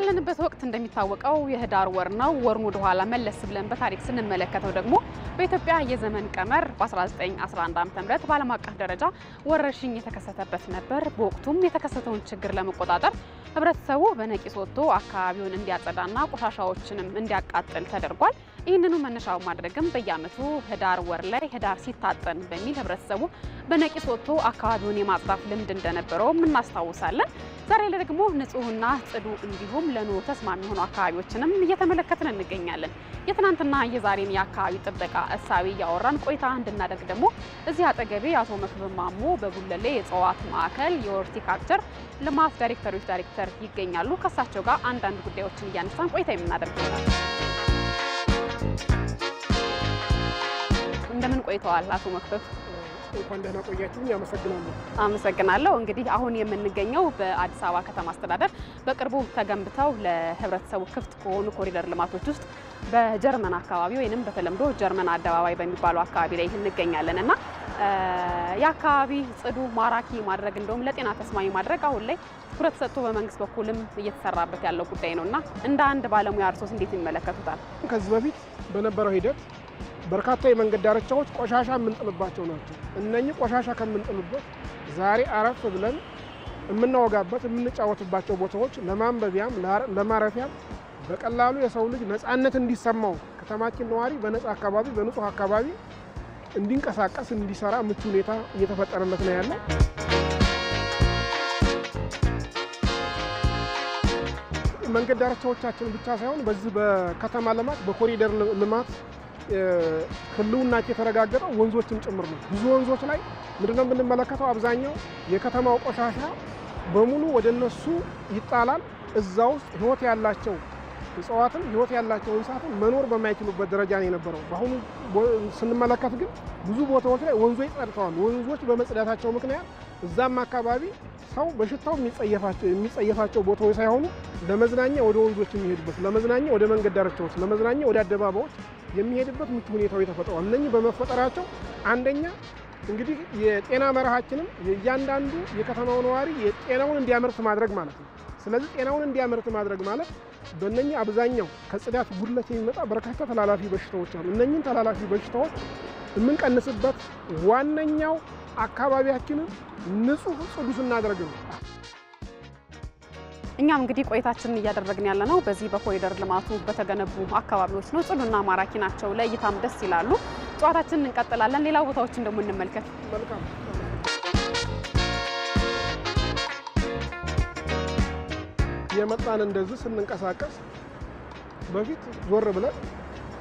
ያለንበት ወቅት እንደሚታወቀው የህዳር ወር ነው። ወሩን ወደ ኋላ መለስ ብለን በታሪክ ስንመለከተው ደግሞ በኢትዮጵያ የዘመን ቀመር በ1911 ዓ.ም በዓለም አቀፍ ደረጃ ወረርሽኝ የተከሰተበት ነበር። በወቅቱም የተከሰተውን ችግር ለመቆጣጠር ህብረተሰቡ በነቂስ ወጥቶ አካባቢውን እንዲያጸዳና ቆሻሻዎችንም እንዲያቃጥል ተደርጓል። ይህንኑ መነሻው ማድረግም በየአመቱ ህዳር ወር ላይ ህዳር ሲታጠን በሚል ህብረተሰቡ በነቂስ ወጥቶ አካባቢውን የማጽዳት ልምድ እንደነበረውም እናስታውሳለን። ዛሬ ላይ ደግሞ ንጹህና ጽዱ እንዲሁም ለኑሮ ተስማሚ የሆኑ አካባቢዎችንም እየተመለከትን እንገኛለን። የትናንትና የዛሬን የአካባቢ ጥበቃ እሳቤ እያወራን ቆይታ እንድናደርግ ደግሞ እዚህ አጠገቤ አቶ መክብ ማሞ በጉለሌ የእጽዋት ማዕከል የሆርቲካልቸር ልማት ዳይሬክተሮች ዳይሬክተር ይገኛሉ። ከእሳቸው ጋር አንዳንድ ጉዳዮችን እያነሳን ቆይታ የምናደርግ እንደምን ቆይተዋል አቶ መክበብ? እንኳን ደህና ቆያችሁ። አመሰግናለሁ። አመሰግናለሁ። እንግዲህ አሁን የምንገኘው በአዲስ አበባ ከተማ አስተዳደር በቅርቡ ተገንብተው ለህብረተሰቡ ክፍት ከሆኑ ኮሪደር ልማቶች ውስጥ በጀርመን አካባቢ ወይም በተለምዶ ጀርመን አደባባይ በሚባለው አካባቢ ላይ እንገኛለን እና የአካባቢ ጽዱ፣ ማራኪ ማድረግ እንደውም ለጤና ተስማሚ ማድረግ አሁን ላይ ትኩረት ሰጥቶ በመንግስት በኩልም እየተሰራበት ያለው ጉዳይ ነው እና እንደ አንድ ባለሙያ እርሶስ እንዴት ይመለከቱታል? ከዚህ በፊት በነበረው ሂደት በርካታ የመንገድ ዳርቻዎች ቆሻሻ የምንጥልባቸው ናቸው። እነኚህ ቆሻሻ ከምንጥልበት ዛሬ አረፍ ብለን የምናወጋበት የምንጫወትባቸው ቦታዎች ለማንበቢያም ለማረፊያም በቀላሉ የሰው ልጅ ነፃነት እንዲሰማው ከተማችን ነዋሪ በነፃ አካባቢ በንጹህ አካባቢ እንዲንቀሳቀስ እንዲሰራ ምቹ ሁኔታ እየተፈጠረለት ነው ያለው። መንገድ ዳርቻዎቻችን ብቻ ሳይሆን በዚህ በከተማ ልማት በኮሪደር ልማት ህልውናቸው የተረጋገጠው ወንዞችም ጭምር ነው። ብዙ ወንዞች ላይ ምንድነው የምንመለከተው? አብዛኛው የከተማው ቆሻሻ በሙሉ ወደ እነሱ ይጣላል። እዛ ውስጥ ህይወት ያላቸው እጽዋትም ህይወት ያላቸው እንስሳትም መኖር በማይችሉበት ደረጃ ነው የነበረው። በአሁኑ ስንመለከት ግን ብዙ ቦታዎች ላይ ወንዞች ጸድተዋል። ወንዞች በመጽዳታቸው ምክንያት እዛም አካባቢ ሰው በሽታው የሚጸየፋቸው ቦታዎች ሳይሆኑ ለመዝናኛ ወደ ወንዞች የሚሄዱበት፣ ለመዝናኛ ወደ መንገድ ዳርቻዎች፣ ለመዝናኛ ወደ አደባባዮች የሚሄድበት ምቹ ሁኔታው ተፈጥረዋል። እነኚህ በመፈጠራቸው አንደኛ እንግዲህ የጤና መርሃችንም የእያንዳንዱ የከተማው ነዋሪ የጤናውን እንዲያመርት ማድረግ ማለት ነው። ስለዚህ ጤናውን እንዲያመርት ማድረግ ማለት በእነኚህ አብዛኛው ከጽዳት ጉድለት የሚመጣ በርካታ ተላላፊ በሽታዎች አሉ። እነኚህን ተላላፊ በሽታዎች የምንቀንስበት ዋነኛው አካባቢያችንን ንጹህ ጽዱ ስናደርግ ነው። እኛም እንግዲህ ቆይታችንን እያደረግን ያለ ነው በዚህ በኮሪደር ልማቱ በተገነቡ አካባቢዎች ነው። ጽዱና ማራኪ ናቸው፣ ለእይታም ደስ ይላሉ። ጨዋታችንን እንቀጥላለን። ሌላ ቦታዎችን ደግሞ እንመልከት። የመጣን እንደዚህ ስንንቀሳቀስ በፊት ዞር ብለን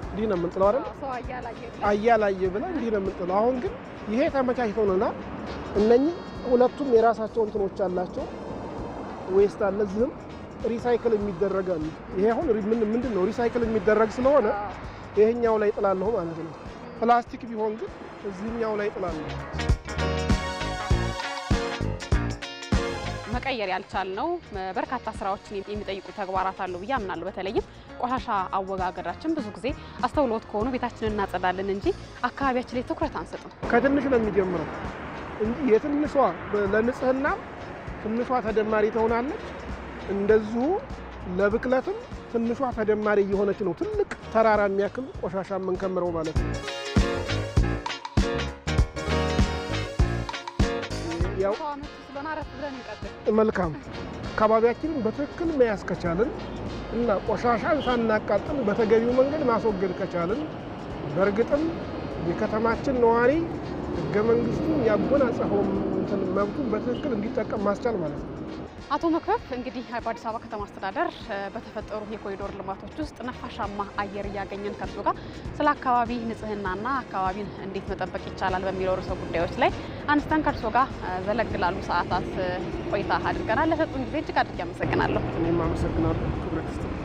እንዲህ ነው የምንጥለው አይደል? አያላየ ብለን እንዲህ ነው የምንጥለው። አሁን ግን ይሄ ተመቻችቶንና እነኚህ ሁለቱም የራሳቸው እንትኖች አላቸው ዌስት አለ፣ እዚህም ሪሳይክል የሚደረግ አለ። ይሄ አሁን ምንድን ነው ሪሳይክል የሚደረግ ስለሆነ ይሄኛው ላይ ጥላለሁ ማለት ነው። ፕላስቲክ ቢሆን ግን እዚህኛው ላይ ጥላለሁ። መቀየር ያልቻል ነው። በርካታ ስራዎችን የሚጠይቁ ተግባራት አሉ ብዬ አምናለሁ። በተለይም ቆሻሻ አወጋገዳችን ብዙ ጊዜ አስተውሎት ከሆኑ ቤታችንን እናጸዳለን እንጂ አካባቢያችን ላይ ትኩረት አንሰጥም። ከትንሽ ነው የሚጀምረው። የትንሿ ለንጽህናም ትንሿ ተደማሪ ትሆናለች። እንደዚሁ ለብክለትም ትንሿ ተደማሪ እየሆነች ነው ትልቅ ተራራ የሚያክል ቆሻሻ የምንከምረው ማለት ነው። መልካም አካባቢያችንን በትክክል መያዝ ከቻልን እና ቆሻሻን ሳናቃጥል በተገቢው መንገድ ማስወገድ ከቻልን በእርግጥም የከተማችን ነዋሪ ህገ መንግስቱን ያጎናጸፈው መብቱን በትክክል እንዲጠቀም ማስቻል ማለት ነው። አቶ መክበብ እንግዲህ በአዲስ አበባ ከተማ አስተዳደር በተፈጠሩ የኮሪዶር ልማቶች ውስጥ ነፋሻማ አየር እያገኘን ከእርሱ ጋር ስለ አካባቢ ንጽህናና አካባቢን እንዴት መጠበቅ ይቻላል በሚለው ርዕሰ ጉዳዮች ላይ አንስተን ከእርሶ ጋር ዘለግ ላሉ ሰዓታት ቆይታ አድርገናል። ለሰጡን ጊዜ እጅግ አድርጌ አመሰግናለሁ። እኔም አመሰግናለሁ ክብረት